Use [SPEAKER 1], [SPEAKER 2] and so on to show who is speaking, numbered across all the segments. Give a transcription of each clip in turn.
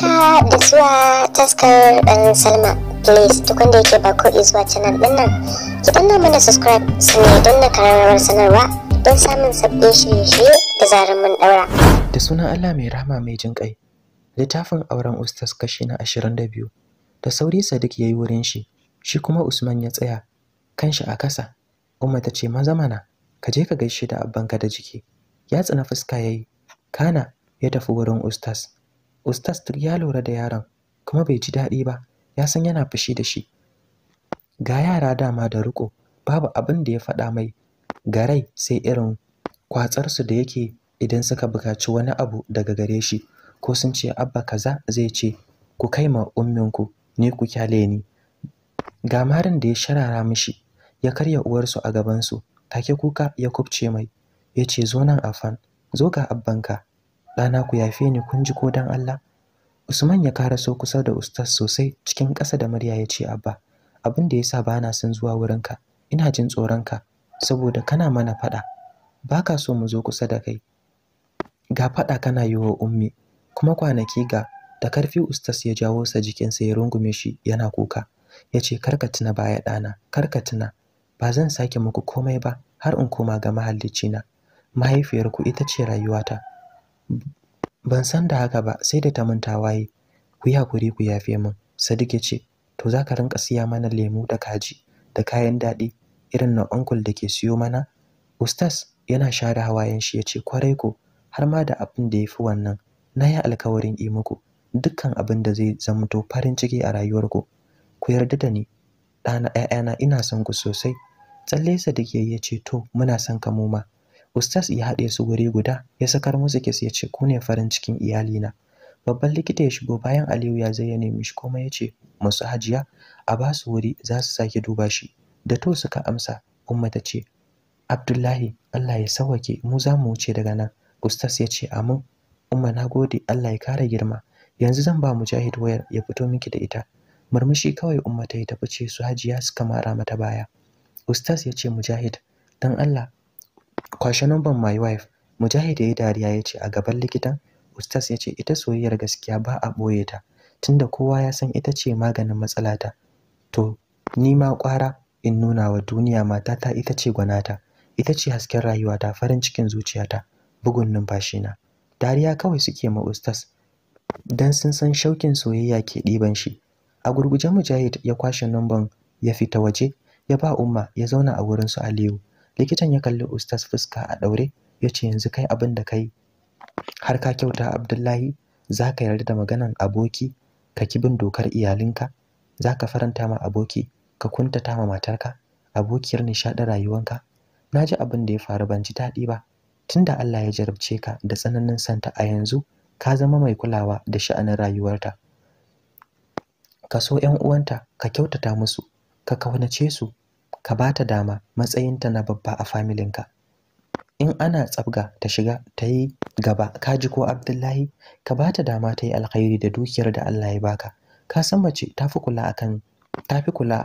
[SPEAKER 1] haka da zuwa taskar dan salma please duk wanda yake ba ko zuwa canal din nan ki danna mana subscribe ne don na kararrawar sanarwa don samun sabbin shirye-shirye da zarar mun daura da sunan allah mai rahama mai jin kai littafin auren ustas kashi na ashirin da biyu. Da sauri Sadik ya yi wurin shi shi kuma usman ya tsaya kanshi a kasa umma ta ce maza mana ka je ka gaishe da abbanka da jiki ya tsina fuska yi, kana ya tafi wurin ustas Ustaz Tur ya lura da yaron kuma bai ji daɗi ba, ya san yana fushi da shi. Ga yara dama da riƙo, babu abin da ya faɗa mai, garai sai irin kwatsarsu da yake idan suka buƙaci wani abu daga gare shi, ko sun ce abba kaza zai ce, ku kai ma umminku, ni ku kyale ni. Ga marin da ya sharara mishi, ya karya uwarsu a gabansu, take kuka ya kubce mai, yace zo nan a fan, zo ga abbanka, ɗana ku yafe ni kun ji ko dan Allah Usman ya kara so kusa da ustaz sosai cikin ƙasa da murya ya ce abba abin da yasa bana son zuwa wurinka ina jin tsoronka saboda kana mana faɗa baka so mu zo kusa da kai ga faɗa kana yi wa ummi kuma kwanaki ga da karfi ustas ya jawo sa jikinsa ya rungume shi yana kuka ya ce karka tuna baya ɗana karka tuna ba zan sake muku komai ba har in koma ga mahallicina mahaifiyarku ita ce rayuwata ban san da haka ba sai da ta manta waye. ku yi hakuri ku yafe min sadiq ya ce to za ka rinka siya mana lemu da kaji da kayan daɗi irin na uncle da ke siyo mana ustas yana share hawayen shi ya ce kwarai ko har ma da abin da ya fi wannan na yi alkawarin yi muku dukkan abin da zai zamto farin ciki a rayuwarku ku yarda da ni ɗana ‘ya'yana ina son ku sosai tsalle sadiq ya ce to muna son ka mu ma Ustaz ya haɗe su wuri guda ya sakar musu kes ya ce ku ne farin cikin iyalina. Babban likita ya shigo bayan Aliyu ya zayyane mishi komai ya ce masu hajiya a ba su wuri za su sake duba shi. Da to suka amsa Umma ta ce Abdullahi Allah ya sawake mu za mu wuce daga nan. Ustaz ya ce amin. Umma na gode Allah ya kara girma. Yanzu zan ba Mujahid wayar ya fito miki da ita. Murmushi kawai Umma ta yi tafice, ce su hajiya suka mara mata baya. Ustaz ya ce Mujahid dan Allah kwashe numban my wife mujahid ya yi dariya ya ce a gaban likitan Ustas ya ce ita soyayyar gaskiya ba a ɓoye ta tunda kowa ya san ita ce maganin matsalata to ni ma ƙwara in nuna wa duniya matata ita ce gwanata ita ce hasken rayuwata farin cikin zuciyata bugun numfashina dariya kawai suke ma ustas dan sun san shaukin soyayya ke ɗiban shi a gurguje mujahid ya kwashe numban ya fita waje ya ba umma ya zauna a wurin su aliyu likitan ya kalli Ustaz fuska a daure ya ce yanzu kai abin da kai har ka kyauta abdullahi za ka yarda da maganan aboki ka ki bin dokar iyalinka za ka faranta ma aboki ka kuntata ma matarka abokiyar nishaɗin rayuwanka na ji abin da ya faru ban ji daɗi ba tunda Allah ya jarabce ka da tsananin santa a yanzu ka zama mai kulawa da sha'anin rayuwarta ka so 'yan uwanta ka kyautata musu ka kaunace su ka ba ta dama matsayinta na babba a familinka in ana tsabga ta shiga ta yi gaba ka ji ko abdullahi ka ba ta dama ta yi alkhairi da dukiyar da allah ya baka ka san mace ta fi kula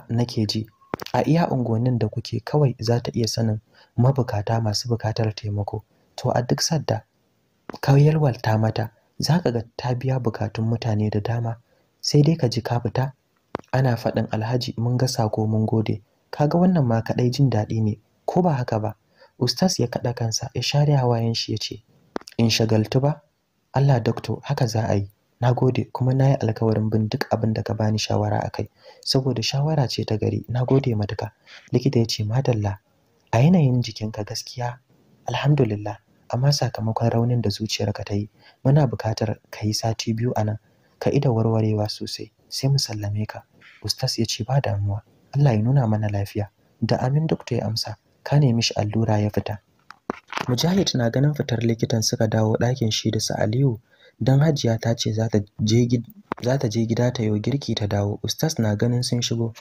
[SPEAKER 1] na ta ji a iya unguwannin da kuke kawai za ta iya sanin mabukata masu bukatar taimako to a duk sadda ka ta mata za ka ga ta biya bukatun mutane da dama sai dai ka ji ka fita ana faɗin alhaji mun ga sako mun gode kaga wannan ma kadai jin daɗi ne ko ba haka ba ustaz ya kaɗa kansa ya share hawayen shi yace in shagaltu ba Allah doctor haka za a yi Na gode, kuma na yi alkawarin bin duk abin da ka bani shawara a kai. saboda shawara ce ta gari na nagode matuka likita yace madalla a yanayin jikinka gaskiya alhamdulillah amma sakamakon raunin da zuciyar ka ta yi muna buƙatar ka yi sati biyu a nan ka ida warwarewa sosai sai mu sallame ka ustas ya ce ba damuwa Allah ya nuna mana lafiya da amin dokta ya amsa ka nemi shi allura ya fita Mujahid na ganin fitar likitan suka dawo ɗakin shi da su Aliyu don Hajiya ta ce za ta je gida ta yo girki ta dawo. Ustaz na ganin sun shigo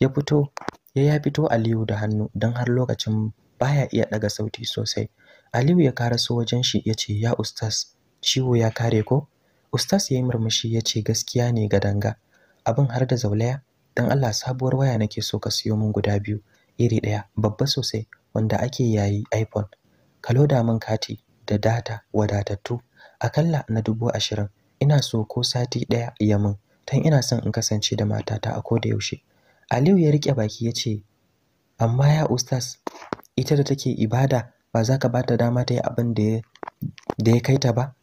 [SPEAKER 1] ya fito ya ya fito Aliyu da hannu don har lokacin baya iya ɗaga sauti sosai. Aliyu ya karaso wajen shi ya ce ya Ustaz ciwo ya kare ko? Ustaz ya yi murmushi ya ce gaskiya ne ga danga abin har da zaulaya Dan Allah sabuwar waya nake so ka siyo min guda biyu iri ɗaya babba sosai wanda ake yayi iPhone ka loda min kati da data wadatattu akalla na dubu ashirin ina so ko sati ɗaya ya min tan ina son in kasance da matata a da yaushe Aliyu ya rike baki ya ce amma ya ustaz ita da take ibada ba za ka bata dama ta yi abin da ya kai ta ba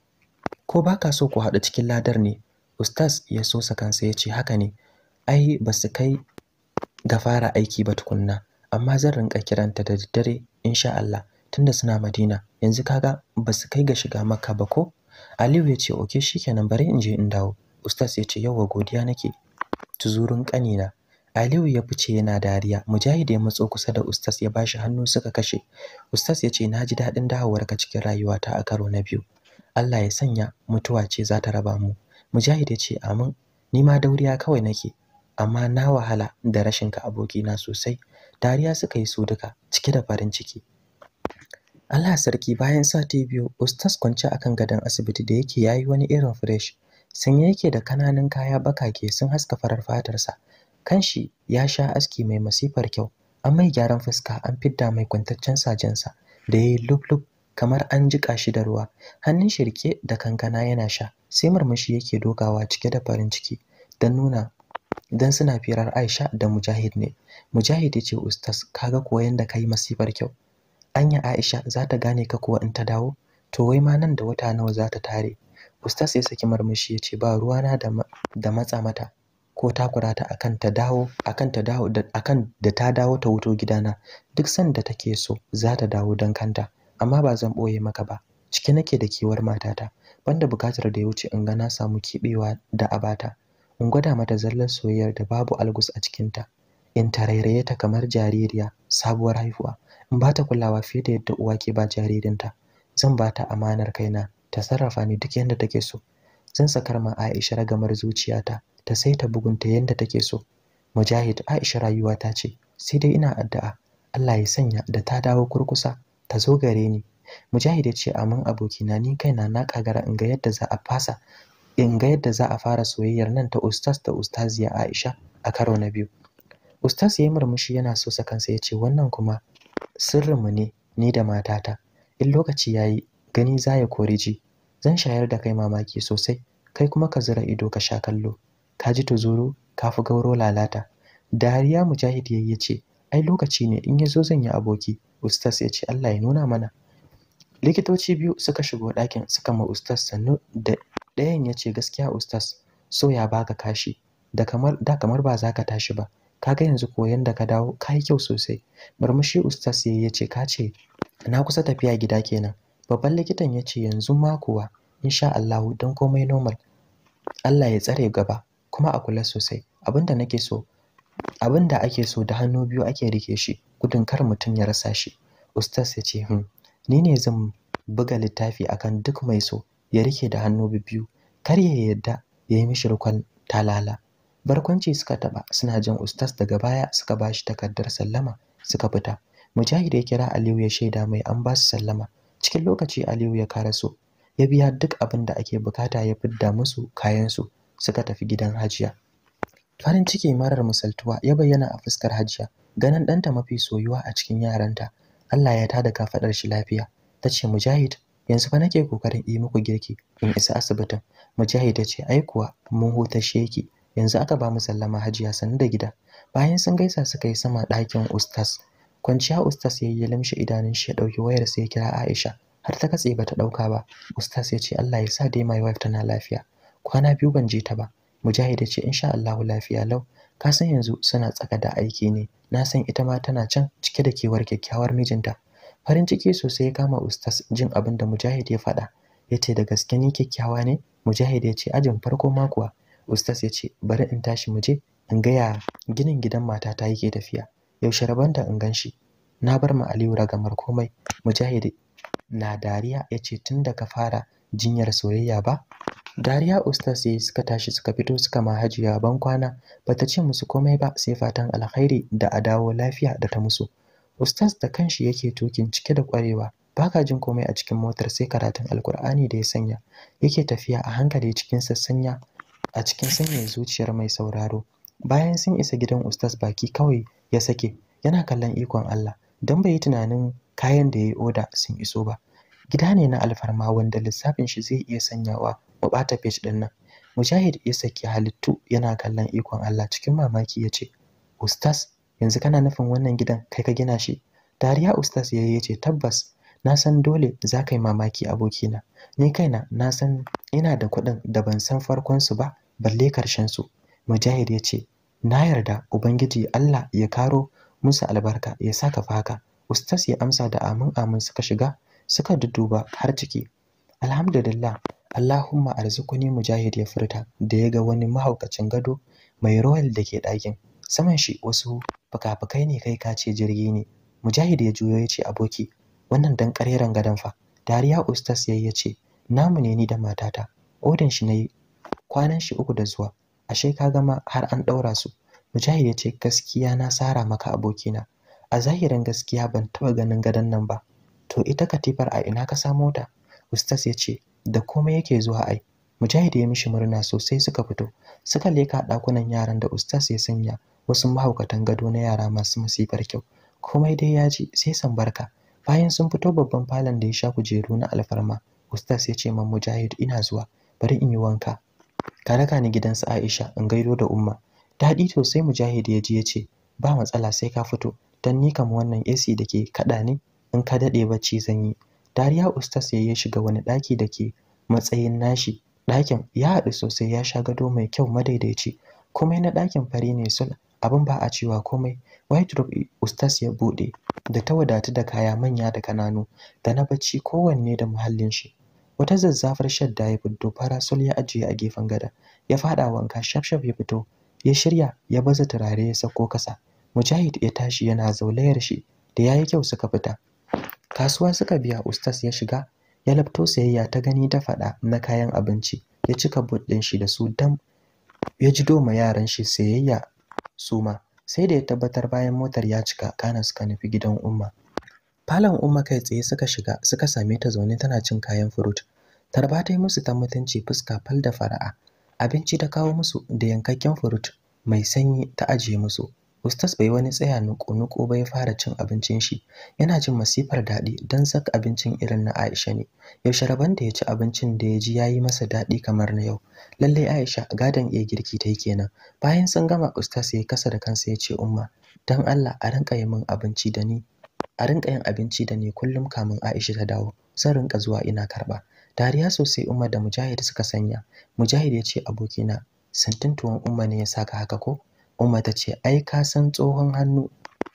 [SPEAKER 1] ko baka so ku haɗu cikin ladar ne ustaz ya sosa kansa ya ce haka ne ai ba su kai ga fara aiki ba tukunna amma zan rinka kiranta da daddare insha Allah tunda suna Madina yanzu kaga ba su kai ga shiga Makka ba ko Aliyu ya ce oke shikenan bari in je in dawo ustaz ya ce yawa godiya nake tuzurun kanina Aliyu ya fice yana dariya Mujahid ya matso kusa da ustaz ya bashi hannu suka kashe ustaz ya ce naji dadin dawowarka cikin rayuwata a karo na biyu Allah ya sanya mutuwa ce za ta raba mu Mujahid ya ce amin ni ma dauriya kawai nake amma na wahala da rashin ka abokina sosai dariya suka yi su duka cike da farin ciki Allah sarki bayan sati biyu ustas kwance akan gadon asibiti da yake yayi wani irin fresh sanye yake da kananan kaya bakake sun haska farar fatarsa kanshi ya sha aski mai masifar kyau an mai gyaran fuska an fidda mai kwantaccen sajensa da yayi lup kamar an jika shi da ruwa hannun shirke da kankana yana sha sai murmushi yake dogawa cike da farin ciki don nuna dan suna firar Aisha da Mujahid ne Mujahid ya ce ustaz kaga kuwa yanda kai masifar kyau anya Aisha za ta gane ka kuwa in ta dawo to wai ma nan da wata nawa za ta tare ustaz ya saki marmushi ya ce ba ruwana da da matsa mata ko kura ta akan ta dawo akan ta dawo da akan da ta dawo ta wuto gidana duk sanda take so za ta dawo dan kanta amma ba zan boye maka ba cike nake da kiwar matata banda bukatar da ya wuce in ga na samu kibewa da abata in gwada mata zallar soyayyar da babu algus a cikinta in tarairaye ta kamar jaririya sabuwar haihuwa in ba ta kulawa fiye da yadda uwa ke ba jaririnta zan ba ta amanar kaina ta sarrafa ni duk yadda take so zan sakar ma Aisha ragamar zuciyata ta saita bugunta yadda take so Mujahid Aisha rayuwa ta ce sai dai ina addu'a Allah ya sanya da ta dawo kurkusa ta zo gare ni Mujahid ya ce amin abokina ni kaina na kagara in ga yadda za a fasa in ga yadda za a fara soyayyar nan ta ustaz da ustaziya Aisha a karo na biyu. Ustaz ya yi murmushi yana so sa kansa ya ce wannan kuma sirrinmu ne ni da matata. In lokaci ya yi gani za ya kori ji. Zan shayar da kai mamaki sosai kai kuma ka zura ido ka sha kallo. Ka ji tuzuru ka fi gauro lalata. Dariya Mujahid ya ce ai lokaci ne in ya zo zan yi aboki. Ustaz ya ce Allah ya nuna mana. likitoci biyu suka shigo ɗakin suka ma ustas sannu da ɗayan ya ce gaskiya ustas so ya baka kashi da kamar ba za ka tashi ba kaga yanzu koyon da ka dawo ka yi kyau sosai murmushi ustas ya ce ka ce na kusa tafiya gida kenan babban likitan ya ce yanzu ma kuwa insha Allah don komai normal Allah ya tsare gaba kuma a kula sosai abinda nake so abinda ake so da hannu biyu ake rike shi gudun kar mutum ya rasa shi ustas ya ce hmm ni ne zan buga littafi akan duk mai so ya rike da hannu biyu kar ya yarda ya yi mishi rukun talala barkwanci suka taba suna jan ustas daga baya suka ba shi takardar sallama suka fita mujahid ya kira aliyu ya shaida mai an ba su sallama cikin lokaci aliyu ya so ya biya duk abin da ake bukata ya fidda musu kayansu suka tafi gidan hajiya farin ciki marar misaltuwa ya bayyana a fuskar hajiya ganin ɗanta mafi soyuwa a cikin yaranta Allah ya tada kafadar shi lafiya tace Mujahid yanzu fa nake kokarin yi muku girki in isa asibitin Mujahid tace ai kuwa mun huta sheki yanzu aka ba mu sallama Hajiya sanu da gida bayan sun gaisa suka yi sama ɗakin Ustas. kwanciya Ustas ya yi limshi idanun shi ya ɗauki wayar sai ya kira Aisha har ta katse bata ɗauka ba Ustas ya ce Allah ya sa dai my wife tana lafiya kwana biyu ban je ta ba Mujahid ya ce insha Allah lafiya lau ka san yanzu suna tsaka da aiki ne na san ita ma tana can cike da kewar kyakkyawar mijinta farin ciki sosai ya kama ustas jin abin da mujahid ya faɗa ya ce da gaske ni kyakkyawa ne mujahid ya ce ajin farko ma kuwa ustas ya ce bari in tashi mu je in gaya ginin gidan matata yake tafiya yaushe rabon in gan shi na bar ma aliyu ragamar komai mujahid na dariya ya ce tun daga fara jinyar soyayya ba dariya ustas yayi suka tashi suka fito suka ma hajiya ban kwana bata ce musu komai ba sai fatan alkhairi da a dawo lafiya da ta musu ustas da kanshi yake tukin cike da kwarewa baka jin komai a cikin motar sai karatun alkur'ani da ya sanya yake tafiya a hankali cikin sassanya a cikin sanya zuciyar mai sauraro bayan sun isa gidan ustas baki kawai ya sake yana kallon ikon Allah don bai yi tunanin kayan da ya yi oda sun iso ba gida ne na alfarma wanda lissafin shi zai iya sanyawa mu bata page din nan mujahid ya saki halittu yana kallon ikon Allah cikin mamaki yace ce ustaz yanzu kana nufin wannan gidan kai ka gina shi dariya ustaz yayi yace tabbas na san dole za ka yi mamaki abokina ni kaina na san ina da kuɗin da ban san farkon su ba balle karshen su mujahid yace na yarda ubangiji Allah ya karo musu albarka ya saka faka ustaz ya amsa da amin amin suka shiga suka duduba har ciki alhamdulillah Allahumma arzikuni mujahid ya furta da ya ga wani mahaukacin gado mai royal da ke ɗakin. Saman shi wasu fuka ne kai ka ce jirgi ne. Mujahid ya juyo ya ce aboki wannan dan ƙareren gadon fa. Dariya ustas yayi ya ce namu ne ni da matata. Odin shi nayi kwanan shi uku da zuwa. Ashe ka gama har an ɗaura su. Mujahid ya ce gaskiya na sara maka abokina. A zahirin gaskiya ban taɓa ganin gadon nan ba. To ita katifar a ina ka samo ta? Ustas ya ce da komai yake zuwa ai mujahid ya mishi murna sosai suka fito suka leka ɗakunan yaran da ustaz ya sanya wasu mahaukatan gado na yara masu masifar kyau komai dai ya ji sai sambarka bayan sun fito babban falon da ya sha kujeru na alfarma ustaz ya ce man mujahid ina zuwa bari in yi wanka ka raka ni gidansu aisha in gaido da umma daɗi to sai mujahid ya ji ya ce ba matsala sai ka fito don ni kam wannan ac da ke kaɗa ne in ka daɗe bacci zan yi dariya ustas ya shiga wani ɗaki da ke matsayin nashi ɗakin ya haɗu sosai ya sha gado mai kyau madaidaici komai na ɗakin fari ne sun abin ba a cewa komai white robe ustas ya buɗe da ta wadatu da kaya manya da kananu da na bacci kowanne da muhallin shi wata zazzafar shadda ya fito sul ya ajiye a gefen gada ya faɗa wanka shafshaf ya fito ya shirya ya baza turare ya sako kasa mujahid ya tashi yana zaulayar shi da yayi kyau suka fita kasuwa suka biya ustas ya shiga ya labto sayayya ta gani ta faɗa na kayan abinci ya cika bud ɗin shi da su dam ya ji doma yaran shi sayayya su ma sai da ya tabbatar bayan motar ya cika kana suka nufi gidan umma falon umma kai tsaye suka shiga suka same ta zaune tana cin kayan furut tarba ta yi musu ta mutunci fuska fal da fara'a abinci ta kawo musu da yankakken furut mai sanyi ta ajiye musu Ustas bai wani tsaya nuku-nuku ba ya fara cin abincin shi. Yana jin masifar daɗi don zak abincin irin na Aisha ne. Yaushe rabon da ya ci abincin da ya ji ya yi masa daɗi kamar na yau. Lallai Aisha gadon iya girki ta yi kenan. Bayan sun gama Ustas ya kasa da kansa ya ce Umma, don Allah a rinƙa yi min abinci da ni. A rinƙa yin abinci da ni kullum kamin Aisha ta dawo. Zan rinka zuwa ina karɓa. Dariya sosai Umma da Mujahid suka sanya. Mujahid ya ce abokina, santin tuwon Umma ne ya saka haka ko? Umma ta ce, ai ka san tsohon hannu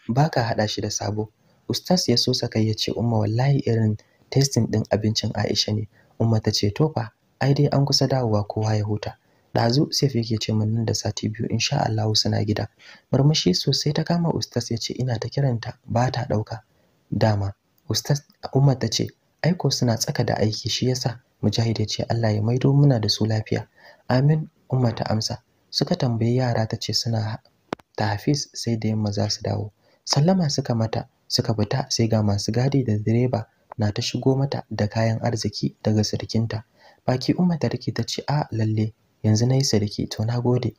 [SPEAKER 1] ba ka haɗa shi da sabo. Ustaz ya so saka ya ce, Umma wallahi irin testin ɗin abincin Aisha ne. Umma ta ce, to fa, ai dai an kusa dawowa kowa ya huta. Ɗazu Saif yake ce min nan da sati biyu insha Allah suna gida. Murmushi sosai ta kama Ustas ya ce ina ta kiranta ba ta ɗauka. Dama, Ustaz uma ta ce, aiko suna tsaka da aiki shi yasa Mujahid ya ce Allah ya maido muna da su lafiya. Amin Umma ta amsa. suka tambayi yara ta ce suna ta Hafiz sai da yamma za su dawo sallama suka mata suka fita sai ga masu gadi da direba na ta shigo mata da kayan arziki daga sirkinta baki umma ta rike ta ce a lalle yanzu nayi sirki to na gode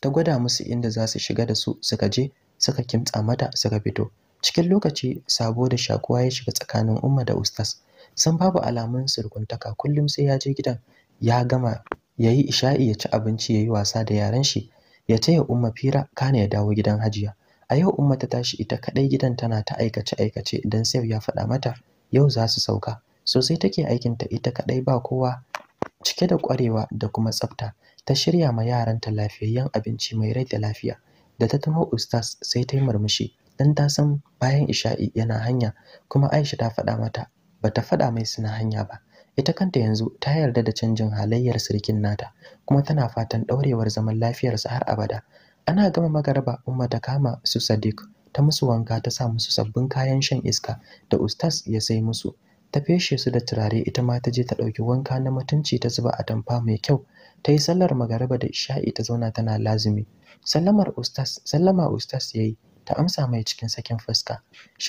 [SPEAKER 1] ta gwada musu inda za su shiga da su suka je suka kimtsa mata suka fito cikin lokaci sabo da shakuwa ya shiga tsakanin umma da ustas san babu alamun surkuntaka kullum sai ya je gidan ya gama ya yi isha'i ya ci abinci ya yi wasa da yaran shi ya taya umma fira kana ya dawo gidan hajiya a yau umma ta tashi ita kadai gidan tana ta aikace aikace idan sai ya faɗa mata yau za su sauka sosai take aikin ta ita kadai ba kowa cike da ƙwarewa da kuma tsafta ta shirya ma yaranta lafiyayyen abinci mai rai da lafiya da ta tuno ustaz sai ta yi murmushi dan ta san bayan isha'i yana hanya kuma aisha ta faɗa mata bata faɗa mai suna hanya ba ita kanta yanzu ta yarda da canjin halayyar sirkin nata kuma tana fatan ɗaurewar zaman lafiyarsa har abada ana gama magaraba umma ta kama su sadiq ta musu wanka ta sa musu sabbin kayan shan iska da ustas ya sai musu ta feshe su da turare ita ma ta je ta ɗauki wanka na mutunci ta zuba a atamfa mai kyau ta yi sallar magaraba da isha'i ta zauna tana lazumi sallamar ustas sallama ustas ya yi ta amsa mai cikin sakin fuska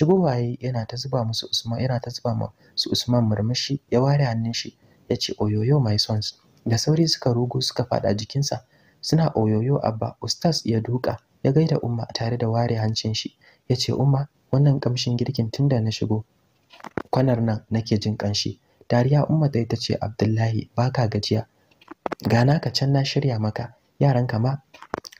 [SPEAKER 1] waye yana ta zuba musu Usman yana ta zuba musu su Usman murmushi ya ware hannun shi ya ce oyoyo my sons da sauri suka rugo suka fada jikinsa suna oyoyo abba ustaz ya duka ya gaida umma tare da ware hancin shi ya ce umma wannan kamshin girkin tunda na shigo kwanar nan nake jin kanshi dariya umma ta ce abdullahi baka gajiya gana ka can na shirya maka yaranka ma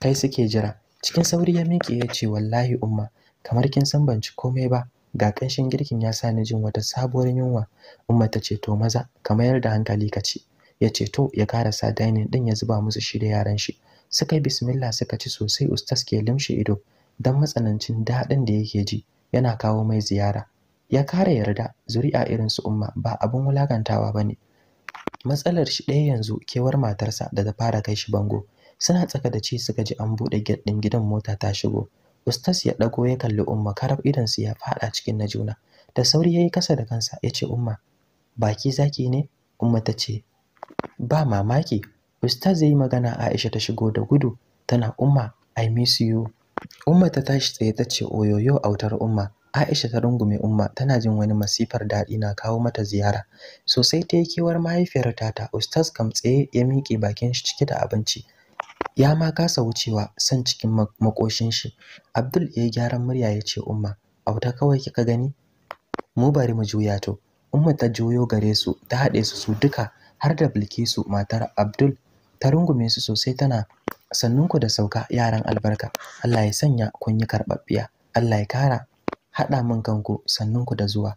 [SPEAKER 1] kai suke jira cikin sauri ya miƙe ya ce wallahi umma kamar kin san ban ci komai ba ga ƙanshin girkin ya sa ni jin wata sabuwar yunwa umma ta ce to maza ka mayar da hankali ka ci ya ce to ya karasa dining din ya zuba musu shi da yaran shi suka yi bismillah suka ci sosai ustas ke limshe ido dan matsanancin daɗin da yake ji yana kawo mai ziyara ya kara yarda zuri'a irin su umma ba abin wulakantawa bane matsalar shi ɗaya yanzu kewar matarsa da ta fara kai shi bango suna tsaka da ci suka ji an buɗe gate ɗin gidan mota ta shigo ustas ya ɗago ya kalli umma karab idan su ya faɗa cikin na juna da sauri yayi kasa da kansa ya ce umma baki zaki ne umma ta ce ba mamaki ustaz yayi magana Aisha ta shigo da gudu tana umma i miss you umma ta tashi tsaye ta ce oyoyo autar umma Aisha ta rungume umma tana jin wani masifar daɗi na kawo mata ziyara sosai ta yi kewar mahaifiyar tata ustaz kam tsaye ya miƙe bakin shi cike da abinci ya ma kasa wucewa san cikin makoshin shi abdul ya yi gyaran murya ya ce umma auta kawai kika gani mu bari mu juya to umma ta juyo gare su ta haɗe su su duka har da bilkisu matar abdul ta rungume su sosai tana sannunku da sauka yaran albarka allah ya sanya kun yi karɓaɓɓiya allah ya kara haɗa min kanku sannunku da zuwa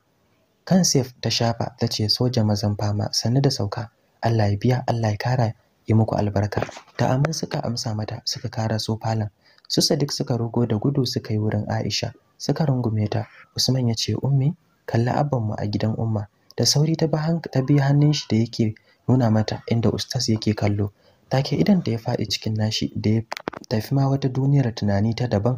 [SPEAKER 1] kan safe ta shafa ta ce soja mazan fama sannu da sauka allah ya biya allah ya kara yi muku albarka ta amin suka amsa mata suka kara so falon su Sadiq suka rugo da gudu suka yi wurin Aisha suka rungume ta Usman ya ce ummi kalla abban mu a gidan umma da sauri ta ta hannun shi da yake nuna mata inda ustaz yake kallo take idan da ya faɗi cikin nashi da ya tafi ma wata duniyar tunani ta daban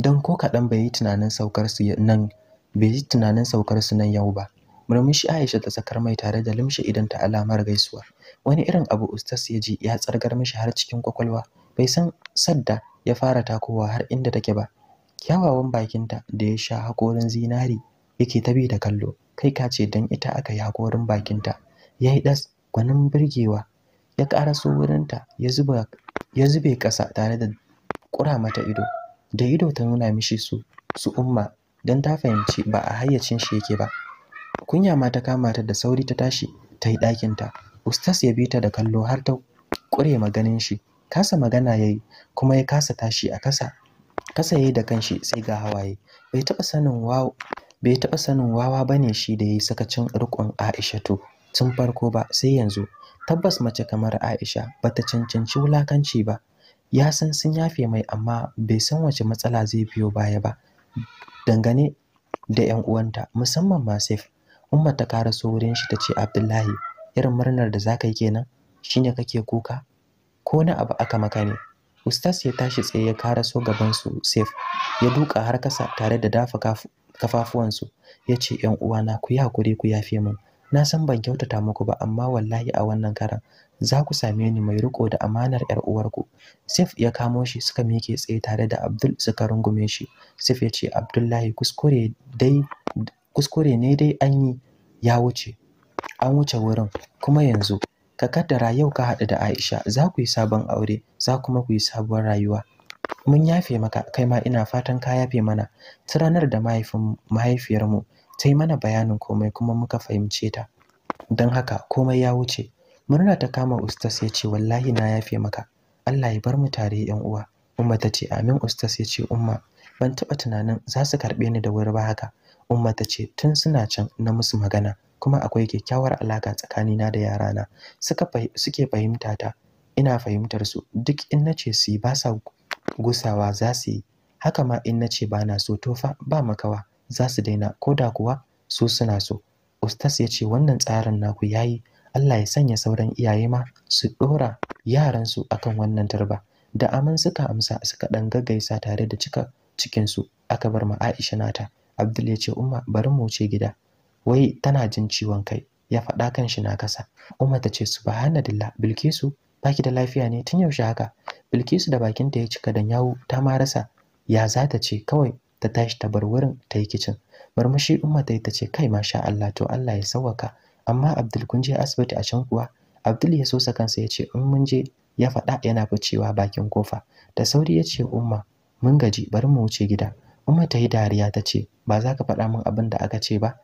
[SPEAKER 1] don ko kaɗan bai yi tunanin saukar su nan bai yi tunanin saukar su nan yau ba murmushi Aisha ta sakar mai tare da limshi idan ta alamar gaisuwar. wani irin abu ustas ya ji ya tsargar mishi har cikin kwakwalwa bai san sadda ya fara takowa har inda take ba kyawawan bakinta da ya sha hakorin zinari yake tabi da kallo kai ka ce dan ita aka yi hakorin bakinta ya yi ɗas gwanin birgewa ya su wurinta ya zube ƙasa tare da ƙura mata ido da ido ta nuna mishi su su umma don ta fahimci ba a hayyacin shi yake ba kunya ma ta kama da sauri ta tashi ta yi ɗakinta Ustas ya bi ta da kallo har ta ƙure maganin shi. Kasa magana yayi kuma ya kasa tashi a kasa. Kasa yayi da kanshi sai ga hawaye. Bai taba sanin wawa bai taba sanin wawa bane shi da yayi sakacin Aisha, to tun farko ba sai yanzu. Tabbas mace kamar Aisha bata cancanci wulakanci ba. Ya san sun yafe mai amma bai san wace matsala zai biyo baya ba. Dangane da 'yan uwanta musamman masif. Saif Umma ta karaso wurin shi tace Abdullahi irin murnar da zaka yi kenan shine kake kuka ko na abu aka maka ne ustas ya tashi tsaye ya karaso gaban su safe ya duka har kasa tare da dafa kafafuwansu ya ce ‘yan uwana ku yi hakuri ku yafe min na san ban kyautata muku ba amma wallahi a wannan karan za ku same ni mai riko da amanar ‘yar uwarku safe ya kamo shi suka mike tsaye tare da abdul suka rungume shi safe ya ce abdullahi kuskure dai kuskure ne dai anyi ya wuce an wuce wurin kuma yanzu ka kaddara yau ka haɗu da Aisha za ku yi sabon aure za kuma ku yi sabuwar rayuwa mun yafe maka kai ma ina fatan ka yafe mana ta ranar da mahaifin mahaifiyarmu ta yi mana bayanin komai kuma muka fahimce ta don haka komai ya wuce murna ta kama ustas ya ce wallahi na yafe maka Allah ya bar mu tare yan uwa umma ta ce amin ustas ya ce umma ban taɓa tunanin za su karɓe ni da wuri ba haka Umma ce tun suna can na musu magana kuma akwai kyakkyawar alaka tsakanina da yarana. Suka suke fahimta ta, ina fahimtar su. Duk in nace su ba sa gusawa za su yi. Haka ma in nace ba na so to fa ba makawa za su daina ko da kuwa su suna so. Ustas ya ce wannan tsarin naku yayi Allah ya sanya sauran iyaye ma su dora yaransu akan wannan tarba. Da aman suka amsa suka dan gaggaisa tare da cika cikinsu aka bar ma Aisha nata. Abdul ya ce Umma bari mu wuce gida. Wai tana jin ciwon kai ya faɗa kan shi na kasa. Umma ta ce subhanallah Bilkisu baki da lafiya ne tun yaushe haka. Bilkisu da bakin ta ya cika da yawu ta ma rasa ya za ta ce kawai ta tashi ta bar wurin ta yi kicin. Murmushi Umma ta yi ta ce kai masha Allah to Allah ya sawwaka amma Abdul kun je asibiti a can kuwa Abdul ya sosa kansa ya ce in mun je ya faɗa yana ficewa bakin kofa. Da sauri ya ce Umma mun gaji bari mu wuce gida. Umma ta yi dariya ta ce, ba za ka faɗa min abin da aka ce ba?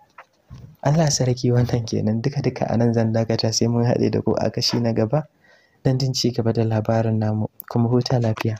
[SPEAKER 1] Allah sarki wannan kenan duka duka a nan zan dakata sai mun haɗe da ku a kashi na gaba don jin ci gaba da labarin namu kuma huta lafiya.